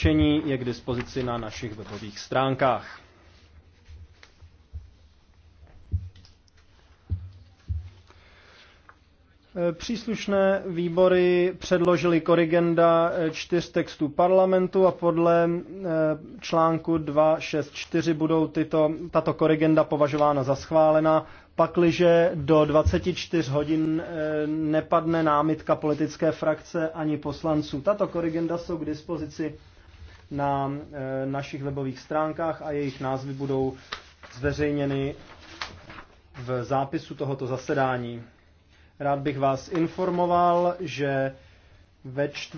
Cvičení je k dispozici na našich webových stránkách. Příslušné výbory předložili korigenda čtyř textů parlamentu a podle eh, článku 264 budou tyto, tato korigenda považována za schválena, pakliže do 24 hodin eh, nepadne námitka politické frakce ani poslanců. Tato korigenda jsou k dispozici na eh, našich webových stránkách a jejich názvy budou zveřejněny v zápisu tohoto zasedání. Rád bych vás informoval, že ve čtvrtek